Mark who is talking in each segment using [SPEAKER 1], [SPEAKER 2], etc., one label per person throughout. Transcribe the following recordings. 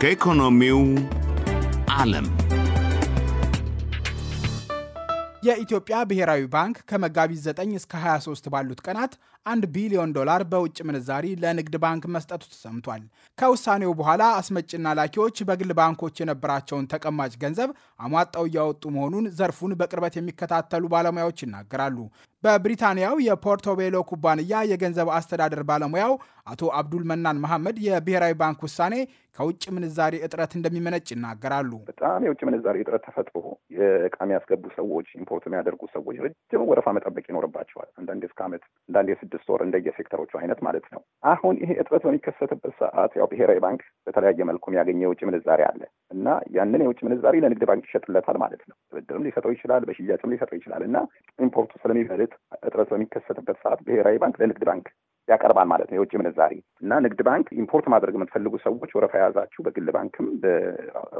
[SPEAKER 1] ከኢኮኖሚው ዓለም
[SPEAKER 2] የኢትዮጵያ ብሔራዊ ባንክ ከመጋቢት 9 እስከ 23 ባሉት ቀናት 1 ቢሊዮን ዶላር በውጭ ምንዛሪ ለንግድ ባንክ መስጠቱ ተሰምቷል። ከውሳኔው በኋላ አስመጭና ላኪዎች በግል ባንኮች የነበራቸውን ተቀማጭ ገንዘብ አሟጣው እያወጡ መሆኑን ዘርፉን በቅርበት የሚከታተሉ ባለሙያዎች ይናገራሉ። በብሪታንያው የፖርቶቤሎ ኩባንያ የገንዘብ አስተዳደር ባለሙያው አቶ አብዱል መናን መሐመድ የብሔራዊ ባንክ ውሳኔ ከውጭ ምንዛሬ እጥረት እንደሚመነጭ ይናገራሉ።
[SPEAKER 3] በጣም የውጭ ምንዛሬ እጥረት ተፈጥሮ የእቃ የሚያስገቡ ሰዎች፣ ኢምፖርት የሚያደርጉ ሰዎች ረጅም ወረፋ መጠበቅ ይኖርባቸዋል። አንዳንዴ እስከ ዓመት፣ አንዳንዴ ስድስት ወር እንደየሴክተሮቹ አይነት ማለት ነው። አሁን ይሄ እጥረት በሚከሰትበት ሰዓት ያው ብሔራዊ ባንክ በተለያየ መልኩ የሚያገኘ የውጭ ምንዛሬ አለ እና ያንን የውጭ ምንዛሬ ለንግድ ባንክ ይሸጥለታል ማለት ነው። ብድርም ሊሰጠው ይችላል፣ በሽያጭም ሊሰጠው ይችላል እና ኢምፖርቱ ስለሚበልጥ እጥረት በሚከሰትበት ሰዓት ብሔራዊ ባንክ ለንግድ ባንክ ያቀርባል ማለት ነው የውጭ ምንዛሪ እና ንግድ ባንክ ኢምፖርት ማድረግ የምትፈልጉ ሰዎች ወረፋ የያዛችሁ በግል ባንክም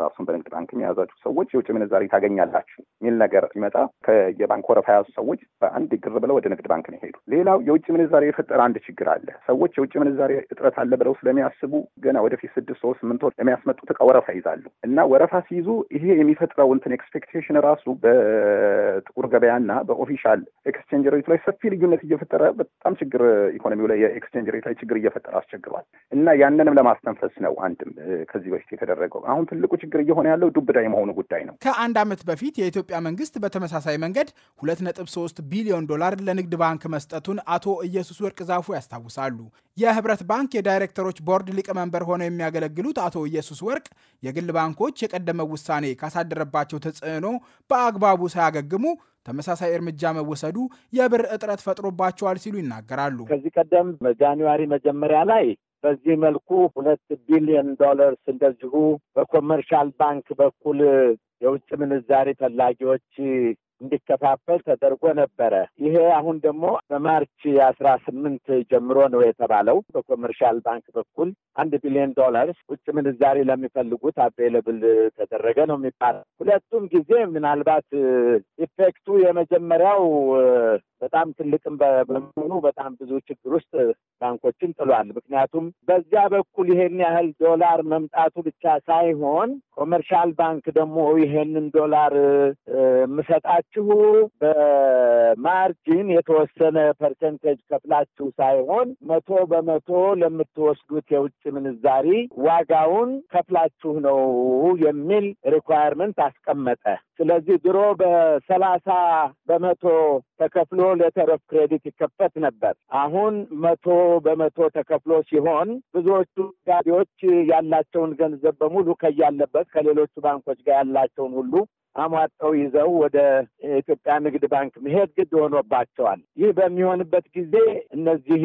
[SPEAKER 3] ራሱን በንግድ ባንክም የያዛችሁ ሰዎች የውጭ ምንዛሪ ታገኛላችሁ የሚል ነገር ሲመጣ የባንክ ወረፋ የያዙ ሰዎች በአንድ ግር ብለው ወደ ንግድ ባንክ ነው ይሄዱ። ሌላው የውጭ ምንዛሬ የፈጠረ አንድ ችግር አለ። ሰዎች የውጭ ምንዛሬ እጥረት አለ ብለው ስለሚያስቡ ገና ወደፊት ስድስት ሰው ስምንት ወር የሚያስመጡት እቃ ወረፋ ይዛሉ እና ወረፋ ሲይዙ ይሄ የሚፈጥረው እንትን ኤክስፔክቴሽን ራሱ በጥቁር ገበያና በኦፊሻል ኤክስቼንጅ ላይ ሰፊ ልዩነት እየፈጠረ በጣም ችግር ኢኮኖሚው የኤክስቼንጅ ሬት ላይ ችግር እየፈጠረ አስቸግሯል እና ያንንም ለማስተንፈስ ነው አንድም ከዚህ በፊት የተደረገው። አሁን ትልቁ ችግር እየሆነ ያለው ዱብዳ የመሆኑ ጉዳይ ነው።
[SPEAKER 2] ከአንድ ዓመት በፊት የኢትዮጵያ መንግስት በተመሳሳይ መንገድ 2.3 ቢሊዮን ዶላር ለንግድ ባንክ መስጠቱን አቶ ኢየሱስ ወርቅ ዛፉ ያስታውሳሉ። የህብረት ባንክ የዳይሬክተሮች ቦርድ ሊቀመንበር ሆነው የሚያገለግሉት አቶ ኢየሱስ ወርቅ የግል ባንኮች የቀደመው ውሳኔ ካሳደረባቸው ተጽዕኖ በአግባቡ ሳያገግሙ ተመሳሳይ እርምጃ መወሰዱ የብር እጥረት ፈጥሮባቸዋል ሲሉ ይናገራሉ። ከዚህ ቀደም በጃንዋሪ መጀመሪያ ላይ በዚህ መልኩ ሁለት ቢሊዮን ዶላርስ እንደዚሁ በኮመርሻል
[SPEAKER 1] ባንክ በኩል የውጭ ምንዛሪ ፈላጊዎች እንዲከፋፈል ተደርጎ ነበረ። ይሄ አሁን ደግሞ በማርች አስራ ስምንት ጀምሮ ነው የተባለው። በኮመርሻል ባንክ በኩል አንድ ቢሊዮን ዶላርስ ውጭ ምንዛሪ ለሚፈልጉት አቬለብል ተደረገ ነው የሚባል። ሁለቱም ጊዜ ምናልባት ኢፌክቱ የመጀመሪያው በጣም ትልቅም በመሆኑ በጣም ብዙ ችግር ውስጥ ባንኮችን ጥሏል። ምክንያቱም በዚያ በኩል ይሄን ያህል ዶላር መምጣቱ ብቻ ሳይሆን ኮመርሻል ባንክ ደግሞ ይሄንን ዶላር የምሰጣችሁ በማርጂን የተወሰነ ፐርሰንቴጅ ከፍላችሁ ሳይሆን መቶ በመቶ ለምትወስዱት የውጭ ምንዛሪ ዋጋውን ከፍላችሁ ነው የሚል ሪኳየርመንት አስቀመጠ። ስለዚህ ድሮ በሰላሳ በመቶ ተከፍሎ ሌተር ኦፍ ክሬዲት ይከፈት ነበር። አሁን መቶ በመቶ ተከፍሎ ሲሆን ብዙዎቹ ጋዴዎች ያላቸውን ገንዘብ በሙሉ ከያለበት ከሌሎቹ ባንኮች ጋር ያላቸውን ሁሉ አሟጠው ይዘው ወደ ኢትዮጵያ ንግድ ባንክ መሄድ ግድ ሆኖባቸዋል። ይህ በሚሆንበት ጊዜ እነዚህ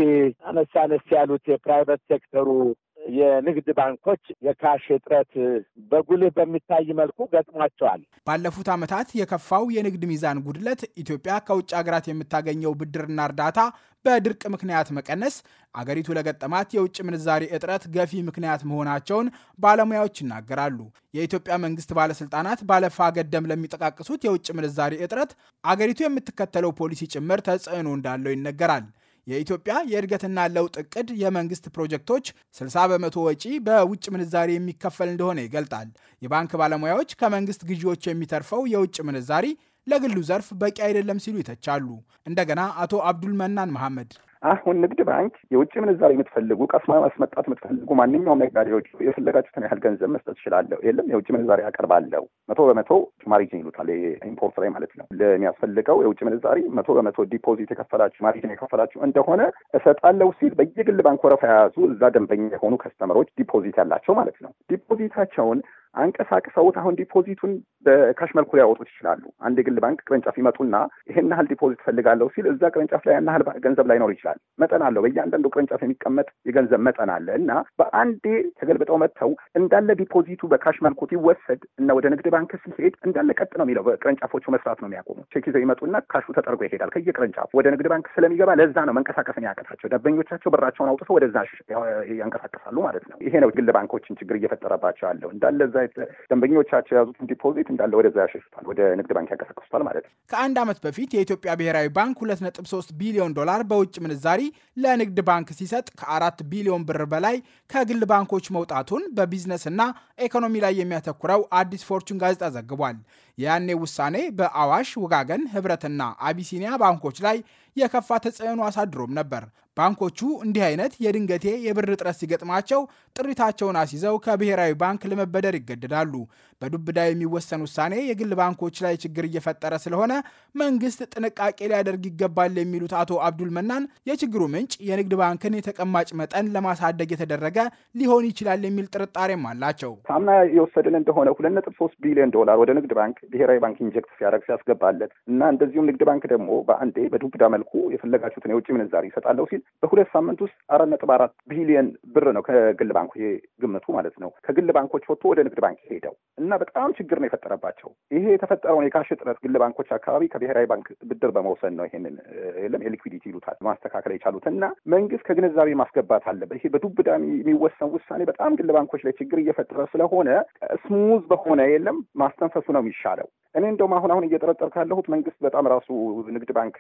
[SPEAKER 1] አነስ አነስ ያሉት የፕራይቬት ሴክተሩ የንግድ ባንኮች የካሽ እጥረት በጉልህ
[SPEAKER 2] በሚታይ መልኩ ገጥሟቸዋል። ባለፉት ዓመታት የከፋው የንግድ ሚዛን ጉድለት ኢትዮጵያ ከውጭ ሀገራት የምታገኘው ብድርና እርዳታ በድርቅ ምክንያት መቀነስ አገሪቱ ለገጠማት የውጭ ምንዛሪ እጥረት ገፊ ምክንያት መሆናቸውን ባለሙያዎች ይናገራሉ። የኢትዮጵያ መንግስት ባለስልጣናት ባለፋ ገደም ለሚጠቃቅሱት የውጭ ምንዛሪ እጥረት አገሪቱ የምትከተለው ፖሊሲ ጭምር ተጽዕኖ እንዳለው ይነገራል። የኢትዮጵያ የእድገትና ለውጥ እቅድ የመንግስት ፕሮጀክቶች 60 በመቶ ወጪ በውጭ ምንዛሪ የሚከፈል እንደሆነ ይገልጣል። የባንክ ባለሙያዎች ከመንግስት ግዢዎች የሚተርፈው የውጭ ምንዛሪ ለግሉ ዘርፍ በቂ አይደለም ሲሉ ይተቻሉ። እንደገና አቶ አብዱል መናን መሐመድ
[SPEAKER 3] አሁን ንግድ ባንክ የውጭ ምንዛሪ የምትፈልጉ ቀስማ ማስመጣት የምትፈልጉ ማንኛውም ነጋዴዎች የፈለጋችሁትን ያህል ገንዘብ መስጠት ትችላለሁ። የለም የውጭ ምንዛሪ አቀርባለሁ መቶ በመቶ ማሪጅን ይሉታል ኢምፖርት ላይ ማለት ነው። ለሚያስፈልገው የውጭ ምንዛሪ መቶ በመቶ ዲፖዚት የከፈላችሁ ማሪጅን የከፈላችሁ እንደሆነ እሰጣለሁ ሲል በየግል ባንክ ወረፋ የያዙ እዛ ደንበኛ የሆኑ ከስተመሮች ዲፖዚት ያላቸው ማለት ነው ዲፖዚታቸውን አንቀሳቅሰውት አሁን ዲፖዚቱን በካሽ መልኩ ሊያወጡት ይችላሉ። አንድ የግል ባንክ ቅርንጫፍ ይመጡና ይሄን ያህል ዲፖዚት ፈልጋለሁ ሲል እዛ ቅርንጫፍ ላይ ያን ያህል ገንዘብ ላይኖር ይችላል። መጠን አለው። በእያንዳንዱ ቅርንጫፍ የሚቀመጥ የገንዘብ መጠን አለ እና በአንዴ ተገልብጠው መጥተው እንዳለ ዲፖዚቱ በካሽ መልኩ ሲወሰድ እና ወደ ንግድ ባንክ ሲሄድ እንዳለ ቀጥ ነው የሚለው። በቅርንጫፎቹ መስራት ነው የሚያቆሙ። ቼክ ይዘው ይመጡና ካሹ ተጠርጎ ይሄዳል ከየቅርንጫፉ ወደ ንግድ ባንክ ስለሚገባ ለዛ ነው መንቀሳቀስን ያቀታቸው። ደንበኞቻቸው ብራቸውን አውጥተው ወደዛ ያንቀሳቀሳሉ ማለት ነው። ይሄ ነው ግል ባንኮችን ችግር እየፈጠረባቸው ያለው እንዳለ ደንበኞቻቸው የያዙትን ዲፖዚት እንዳለ ወደዛ ያሸሽቷል፣ ወደ ንግድ ባንክ ያቀሰቅሱታል ማለት ነው።
[SPEAKER 2] ከአንድ ዓመት በፊት የኢትዮጵያ ብሔራዊ ባንክ ሁለት ነጥብ ሶስት ቢሊዮን ዶላር በውጭ ምንዛሪ ለንግድ ባንክ ሲሰጥ ከአራት ቢሊዮን ብር በላይ ከግል ባንኮች መውጣቱን በቢዝነስና ኢኮኖሚ ላይ የሚያተኩረው አዲስ ፎርቹን ጋዜጣ ዘግቧል። የያኔ ውሳኔ በአዋሽ፣ ውጋገን ህብረትና አቢሲኒያ ባንኮች ላይ የከፋ ተጽዕኖ አሳድሮም ነበር። ባንኮቹ እንዲህ አይነት የድንገቴ የብር እጥረት ሲገጥማቸው ጥሪታቸውን አስይዘው ከብሔራዊ ባንክ ለመበደር ይገደዳሉ። በዱብዳ የሚወሰን ውሳኔ የግል ባንኮች ላይ ችግር እየፈጠረ ስለሆነ መንግስት ጥንቃቄ ሊያደርግ ይገባል የሚሉት አቶ አብዱል መናን የችግሩ ምንጭ የንግድ ባንክን የተቀማጭ መጠን ለማሳደግ የተደረገ ሊሆን ይችላል የሚል ጥርጣሬም አላቸው።
[SPEAKER 3] ሳምና የወሰድን እንደሆነ ሁለት ነጥብ ሶስት ቢሊዮን ዶላር ወደ ንግድ ባንክ ብሔራዊ ባንክ ኢንጀክት ሲያደርግ ሲያስገባለት እና እንደዚሁም ንግድ ባንክ ደግሞ በአንዴ በዱብዳ መልኩ የፈለጋችሁትን የውጭ ምንዛሪ ይሰጣለሁ ሲል በሁለት ሳምንት ውስጥ አራት ነጥብ አራት ቢሊዮን ብር ነው ከግል ባንኩ ግምቱ ማለት ነው ከግል ባንኮች ወጥቶ ወደ ንግድ ባንክ ሄደው እና በጣም ችግር ነው የፈጠረባቸው። ይሄ የተፈጠረውን የካሽ እጥረት ግል ባንኮች አካባቢ ከብሔራዊ ባንክ ብድር በመውሰድ ነው ይሄንን የለም የሊኩዊዲቲ ይሉታል ማስተካከል የቻሉት እና መንግስት ከግንዛቤ ማስገባት አለበት። ይሄ በዱብዳ የሚወሰን ውሳኔ በጣም ግል ባንኮች ላይ ችግር እየፈጠረ ስለሆነ ስሙዝ በሆነ የለም ማስተንፈሱ ነው የሚሻለው። እኔ እንደውም አሁን አሁን እየጠረጠር ካለሁት መንግስት በጣም ራሱ ንግድ ባንክ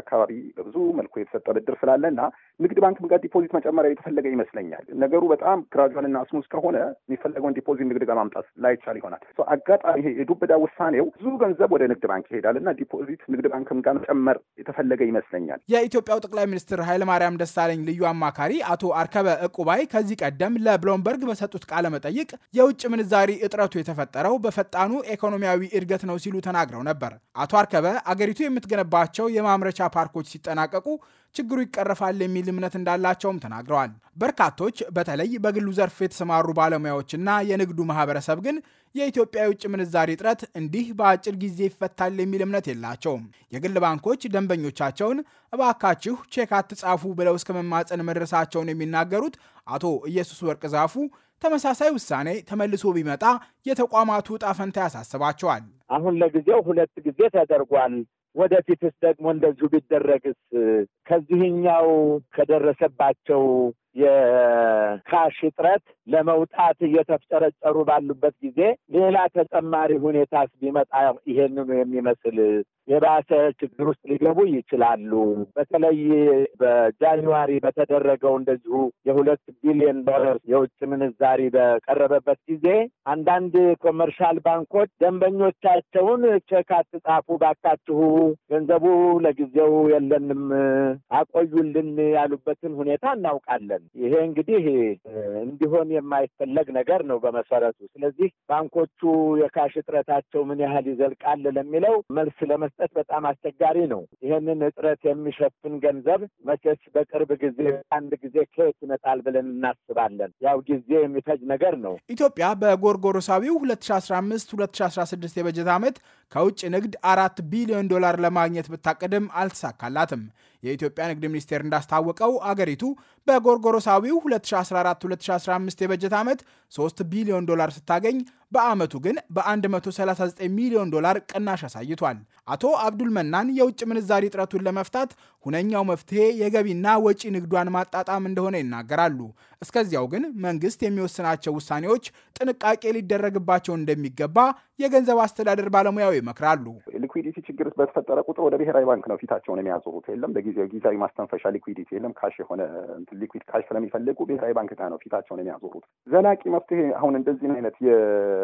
[SPEAKER 3] አካባቢ በብዙ መልኩ የተሰጠ ብድር ስላለ እና ንግድ ባንክም ጋር ዲፖዚት መጨመሪያ የተፈለገ ይመስለኛል። ነገሩ በጣም ግራጁዋል እና ስሙዝ ከሆነ የሚፈለገውን ዲፖዚት ንግድ ጋር ማምጣት ላይቻል ይሆናል። አጋጣሚ የዱብዳ ውሳኔው ብዙ ገንዘብ ወደ ንግድ ባንክ ይሄዳል እና ዲፖዚት ንግድ ባንክም ጋር መጨመር የተፈለገ ይመስለኛል።
[SPEAKER 2] የኢትዮጵያው ጠቅላይ ሚኒስትር ኃይለማርያም ደሳለኝ ልዩ አማካሪ አቶ አርከበ እቁባይ ከዚህ ቀደም ለብሎምበርግ በሰጡት ቃለ መጠይቅ የውጭ ምንዛሪ እጥረቱ የተፈጠረው በፈጣኑ ኢኮኖሚያዊ እድገት ነው ሲሉ ተናግረው ነበር። አቶ አርከበ አገሪቱ የምትገነባቸው የማምረቻ ፓርኮች ሲጠናቀቁ ችግሩ ይቀረፋል የሚል እምነት እንዳላቸውም ተናግረዋል። በርካቶች በተለይ በግሉ ዘርፍ የተሰማሩ ባለሙያዎችና የንግዱ ማህበረሰብ ግን የኢትዮጵያ የውጭ ምንዛሪ እጥረት እንዲህ በአጭር ጊዜ ይፈታል የሚል እምነት የላቸውም። የግል ባንኮች ደንበኞቻቸውን እባካችሁ ቼክ አትጻፉ ብለው እስከ መማፀን መድረሳቸውን የሚናገሩት አቶ ኢየሱስ ወርቅ ዛፉ ተመሳሳይ ውሳኔ ተመልሶ ቢመጣ የተቋማቱ ዕጣ ፈንታ ያሳስባቸዋል። አሁን ለጊዜው ሁለት ጊዜ ተደርጓል። ወደፊትስ ደግሞ
[SPEAKER 1] እንደዚሁ ቢደረግስ ከዚህኛው ከደረሰባቸው የካሽ እጥረት ለመውጣት እየተፍጨረጨሩ ባሉበት ጊዜ ሌላ ተጨማሪ ሁኔታስ ቢመጣ ይሄንኑ የሚመስል የባሰ ችግር ውስጥ ሊገቡ ይችላሉ። በተለይ በጃንዋሪ በተደረገው እንደዚሁ የሁለት ቢሊዮን ዶላር የውጭ ምንዛሪ በቀረበበት ጊዜ አንዳንድ ኮመርሻል ባንኮች ደንበኞቻቸውን ቼክ አትጻፉ ባካችሁ፣ ገንዘቡ ለጊዜው የለንም፣ አቆዩልን ያሉበትን ሁኔታ እናውቃለን። አይደለም። ይሄ እንግዲህ እንዲሆን የማይፈለግ ነገር ነው በመሰረቱ። ስለዚህ ባንኮቹ የካሽ እጥረታቸው ምን ያህል ይዘልቃል ለሚለው መልስ ለመስጠት በጣም አስቸጋሪ ነው። ይህንን እጥረት የሚሸፍን ገንዘብ መቼስ በቅርብ ጊዜ አንድ ጊዜ ከየት ይመጣል ብለን እናስባለን። ያው ጊዜ የሚፈጅ ነገር ነው።
[SPEAKER 2] ኢትዮጵያ በጎርጎሮሳዊው 2015 2016 የበጀት ዓመት ከውጭ ንግድ አራት ቢሊዮን ዶላር ለማግኘት ብታቅድም አልተሳካላትም። የኢትዮጵያ ንግድ ሚኒስቴር እንዳስታወቀው አገሪቱ በጎርጎሮሳዊው 2014-2015 የበጀት ዓመት 3 ቢሊዮን ዶላር ስታገኝ በአመቱ ግን በ139 ሚሊዮን ዶላር ቅናሽ አሳይቷል። አቶ አብዱል መናን የውጭ ምንዛሪ እጥረቱን ለመፍታት ሁነኛው መፍትሄ የገቢና ወጪ ንግዷን ማጣጣም እንደሆነ ይናገራሉ። እስከዚያው ግን መንግስት የሚወስናቸው ውሳኔዎች ጥንቃቄ ሊደረግባቸው እንደሚገባ የገንዘብ አስተዳደር ባለሙያው ይመክራሉ።
[SPEAKER 3] ሊኩዲቲ ችግር በተፈጠረ ቁጥር ወደ ብሔራዊ ባንክ ነው ፊታቸውን የሚያዞሩት። የለም በጊዜው ጊዜያዊ ማስተንፈሻ ሊኩዲቲ የለም፣ ካሽ የሆነ ሊኩድ ካሽ ስለሚፈልጉ ብሔራዊ ባንክ ጋር ነው ፊታቸውን የሚያዞሩት። ዘላቂ መፍትሄ አሁን እንደዚህ አይነት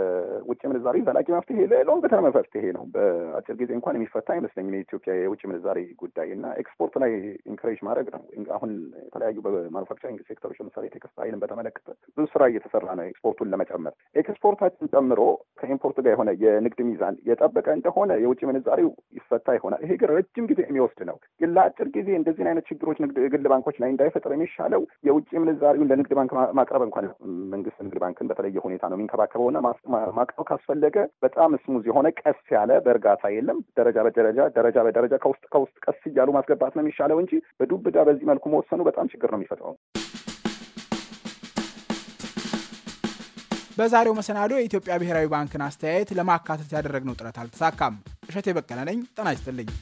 [SPEAKER 3] የውጭ ምንዛሬ ዘላቂ መፍትሄ ለሎንግ ተርም መፍትሄ ነው። በአጭር ጊዜ እንኳን የሚፈታ አይመስለኝም የኢትዮጵያ የውጭ ምንዛሬ ጉዳይ እና ኤክስፖርት ላይ ኢንከሬጅ ማድረግ ነው። አሁን የተለያዩ በማኑፋክቸሪንግ ሴክተሮች ለምሳሌ ቴክስታይልን በተመለከተ ብዙ ስራ እየተሰራ ነው ኤክስፖርቱን ለመጨመር ኤክስፖርታችን ጨምሮ ከኢምፖርት ጋር የሆነ የንግድ ሚዛን የጠበቀ እንደሆነ የውጭ ምንዛሬው ይፈታ ይሆናል። ይሄ ግን ረጅም ጊዜ የሚወስድ ነው። ግን ለአጭር ጊዜ እንደዚህን አይነት ችግሮች ግል ባንኮች ላይ እንዳይፈጥር የሚሻለው የውጭ ምንዛሬውን ለንግድ ባንክ ማቅረብ እንኳን መንግስት ንግድ ባንክን በተለየ ሁኔታ ነው የሚንከባከበውና ማቅረብ ካስፈለገ በጣም ስሙዝ የሆነ ቀስ ያለ በእርጋታ የለም ደረጃ በደረጃ ደረጃ በደረጃ ከውስጥ ከውስጥ ቀስ እያሉ ማስገባት ነው የሚሻለው እንጂ በዱብዳ በዚህ መልኩ መወሰኑ በጣም ችግር ነው የሚፈጥረው።
[SPEAKER 2] በዛሬው መሰናዶ የኢትዮጵያ ብሔራዊ ባንክን አስተያየት ለማካተት ያደረግነው ጥረት አልተሳካም። እሸቴ በቀለ ነኝ። ጤና ይስጥልኝ።